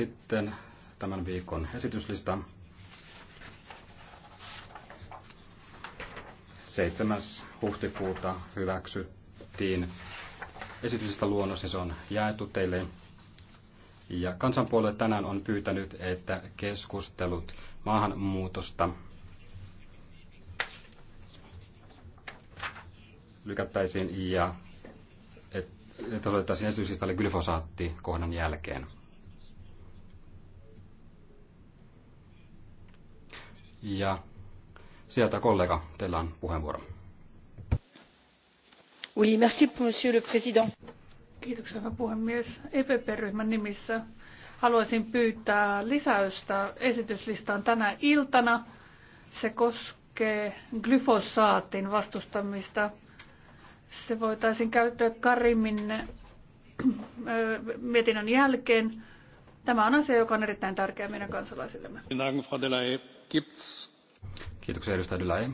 Sitten tämän viikon esityslista. 7. huhtikuuta hyväksyttiin esityslista luonnos ja niin se on jaettu teille. Ja kansanpuolue tänään on pyytänyt, että keskustelut maahanmuutosta lykättäisiin ja että otettaisiin esityksestä glyfosaatti kohdan jälkeen. Ja sieltä kollega, teillä on puheenvuoro. Oui, merci, monsieur le président. Kiitoksia, hyvä puhemies. EPP-ryhmän nimissä haluaisin pyytää lisäystä esityslistaan tänä iltana. Se koskee glyfosaatin vastustamista. Se voitaisiin käyttää Karimin mietinnön jälkeen Tämä on asia, joka on erittäin tärkeä meidän kansalaisillemme. Kiitoksia, edustaja Delaye.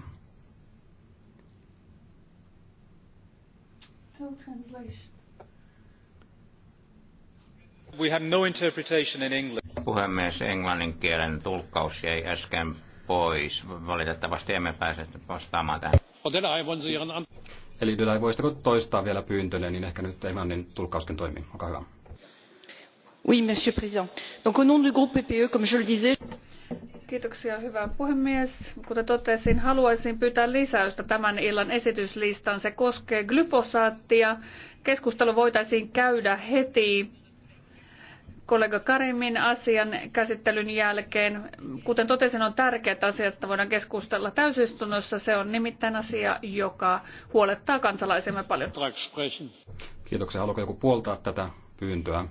We have no interpretation in English. Puhemies, englannin kielen tulkkaus jäi äsken pois. Valitettavasti emme pääse vastaamaan tähän. Eli Delaye, voisitteko toistaa vielä pyyntöne, niin ehkä nyt englannin tulkkauskin toimii. Olkaa hyvä monsieur le président au nom du groupe ppe comme je le disais Kiitoksia, hyvä puhemies. Kuten totesin, haluaisin pyytää lisäystä tämän illan esityslistaan. Se koskee glyfosaattia. Keskustelu voitaisiin käydä heti kollega Karimin asian käsittelyn jälkeen. Kuten totesin, on tärkeää, että asiasta voidaan keskustella täysistunnossa. Se on nimittäin asia, joka huolettaa kansalaisemme paljon. Kiitoksia. Haluaako joku puoltaa tätä pyyntöä?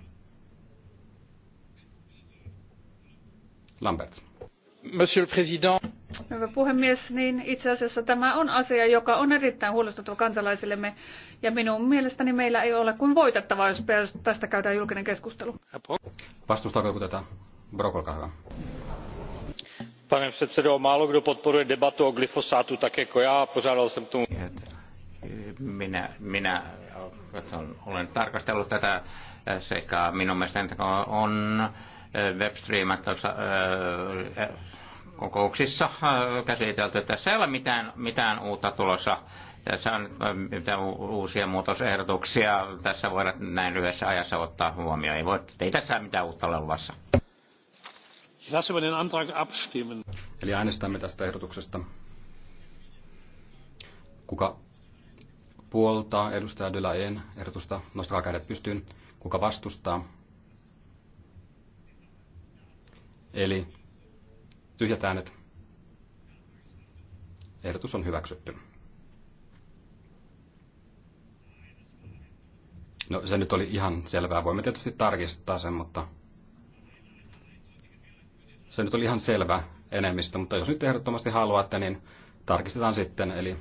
Lambert. Monsieur le Président. Hyvä puhemies, niin itse asiassa tämä on asia, joka on erittäin huolestuttava kansalaisillemme ja minun mielestäni meillä ei ole kuin voitettavaa, jos tästä käydään julkinen keskustelu. Vastustaako joku tätä? Brok, olkaa hyvä. Pane předsedo, málo kdo podporuje debatu o glyfosátu tak jako já, pořádal jsem tomu. Minä, minä olen tarkastellut tätä eh, sekä Minun mielestäni on webstreamattu kokouksissa käsitelty, että tässä ei ole mitään, mitään uutta tulossa. Tässä on mitään uusia muutosehdotuksia. Tässä voidaan näin lyhyessä ajassa ottaa huomioon. Ei, voi, ei tässä mitään uutta ole luvassa. Eli äänestämme tästä ehdotuksesta. Kuka puoltaa edustaja Dylaen ehdotusta, nostakaa kädet pystyyn. Kuka vastustaa? Eli tyhjät äänet. Ehdotus on hyväksytty. No se nyt oli ihan selvää. Voimme tietysti tarkistaa sen, mutta se nyt oli ihan selvä enemmistö. Mutta jos nyt ehdottomasti haluatte, niin tarkistetaan sitten. Eli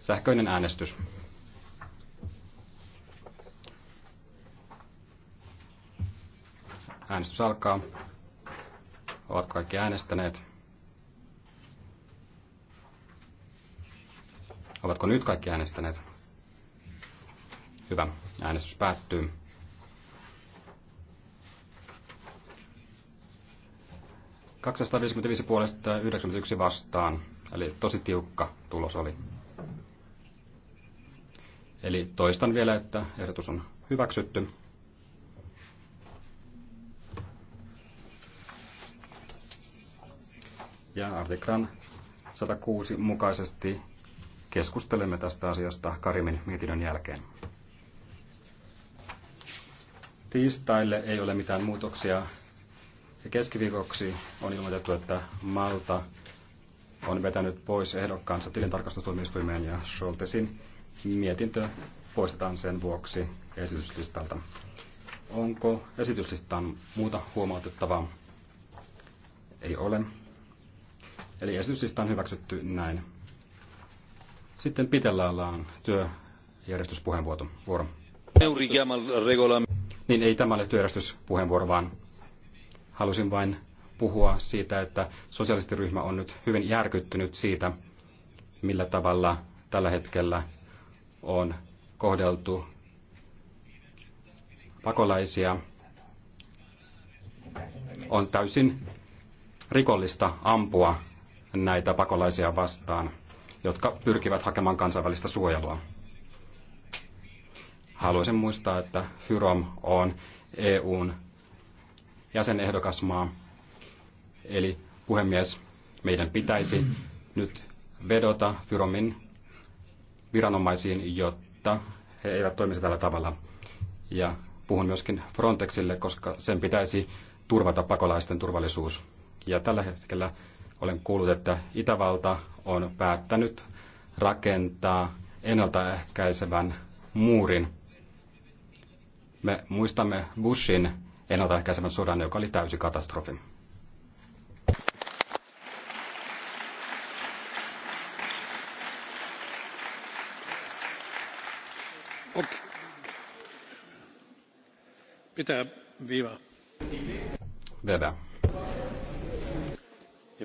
sähköinen äänestys. Äänestys alkaa. Ovat kaikki äänestäneet? Ovatko nyt kaikki äänestäneet? Hyvä. Äänestys päättyy. puolesta ja 91 vastaan. Eli tosi tiukka tulos oli. Eli toistan vielä, että ehdotus on hyväksytty. ja artiklan 106 mukaisesti keskustelemme tästä asiasta Karimin mietinnön jälkeen. Tiistaille ei ole mitään muutoksia ja keskiviikoksi on ilmoitettu, että Malta on vetänyt pois ehdokkaansa tilintarkastustuomioistuimeen ja Scholtesin mietintö poistetaan sen vuoksi esityslistalta. Onko esityslistan muuta huomautettavaa? Ei ole. Eli esityslista on hyväksytty näin. Sitten pitellä on työjärjestyspuheenvuoro. Niin ei tämä ole työjärjestyspuheenvuoro, vaan halusin vain puhua siitä, että sosialistiryhmä on nyt hyvin järkyttynyt siitä, millä tavalla tällä hetkellä on kohdeltu pakolaisia. On täysin rikollista ampua näitä pakolaisia vastaan, jotka pyrkivät hakemaan kansainvälistä suojelua. Haluaisin muistaa, että Fyrom on EUn jäsenehdokasmaa. Eli puhemies, meidän pitäisi nyt vedota Fyromin viranomaisiin, jotta he eivät toimisi tällä tavalla. Ja puhun myöskin Frontexille, koska sen pitäisi turvata pakolaisten turvallisuus. Ja tällä hetkellä olen kuullut, että Itävalta on päättänyt rakentaa ennaltaehkäisevän muurin. Me muistamme Bushin ennaltaehkäisevän sodan, joka oli täysi katastrofi. Pitää viivaa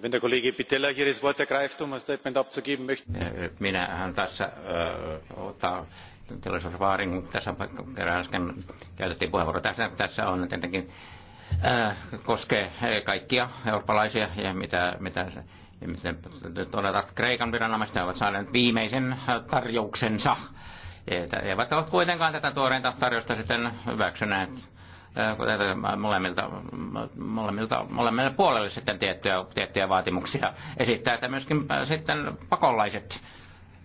wenn der kollege pittella hier das wort ergreift um ein statement abzugeben möchte äh, minähän tässä äh, ottaa tilaisuus kun tässä kerran äsken käytettiin puheenvuoro tässä, tässä on tietenkin äh, koskee kaikkia eurooppalaisia ja mitä, mitä miten todetaan, että Kreikan viranomaiset ovat saaneet viimeisen tarjouksensa. Eivät ole kuitenkaan tätä tuoreinta tarjosta sitten hyväksyneet Äh, molemmilta, molemmilta, molemmille puolelle sitten tiettyjä, tiettyjä vaatimuksia esittää, että myöskin äh, sitten pakolaiset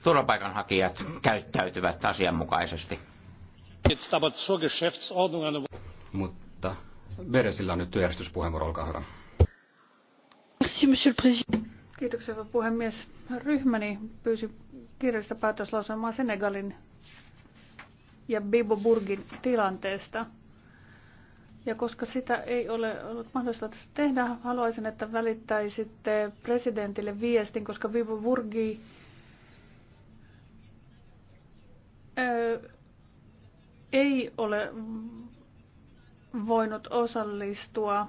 turvapaikanhakijat käyttäytyvät asianmukaisesti. Mutta Beresillä on nyt työjärjestyspuheenvuoro, olkaa hyvä. Kiitoksia, hyvä puhemies. Ryhmäni pyysi kirjallista päätöslausumaa Senegalin ja Bibo Burgin tilanteesta – ja koska sitä ei ole ollut mahdollista tehdä, haluaisin, että välittäisitte presidentille viestin, koska Vivo Burgi ei ole voinut osallistua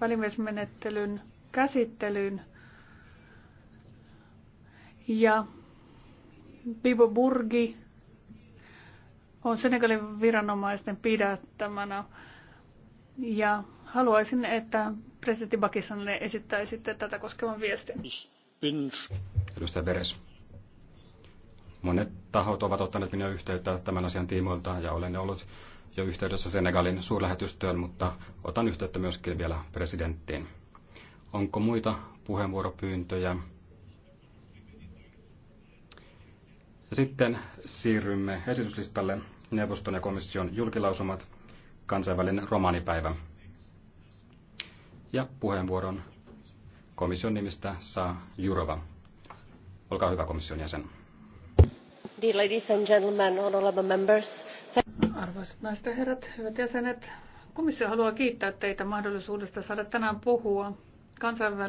välimiesmenettelyn käsittelyyn. Ja Bibo Burgi on Senegalin viranomaisten pidättämänä. Ja haluaisin, että presidentti Bakisanille esittäisitte tätä koskevan viestin. Edustaja Beres. Monet tahot ovat ottaneet minua yhteyttä tämän asian tiimoilta ja olen ollut jo yhteydessä Senegalin suurlähetystyön, mutta otan yhteyttä myöskin vielä presidenttiin. Onko muita puheenvuoropyyntöjä? Ja sitten siirrymme esityslistalle neuvoston ja komission julkilausumat kansainvälinen romanipäivä. Ja puheenvuoron komission nimistä saa Jurova. Olkaa hyvä komission jäsen. Dear ladies and gentlemen, honorable members. Arvoisat naiset ja herrat, hyvät jäsenet, komissio haluaa kiittää teitä mahdollisuudesta saada tänään puhua kansainvälisestä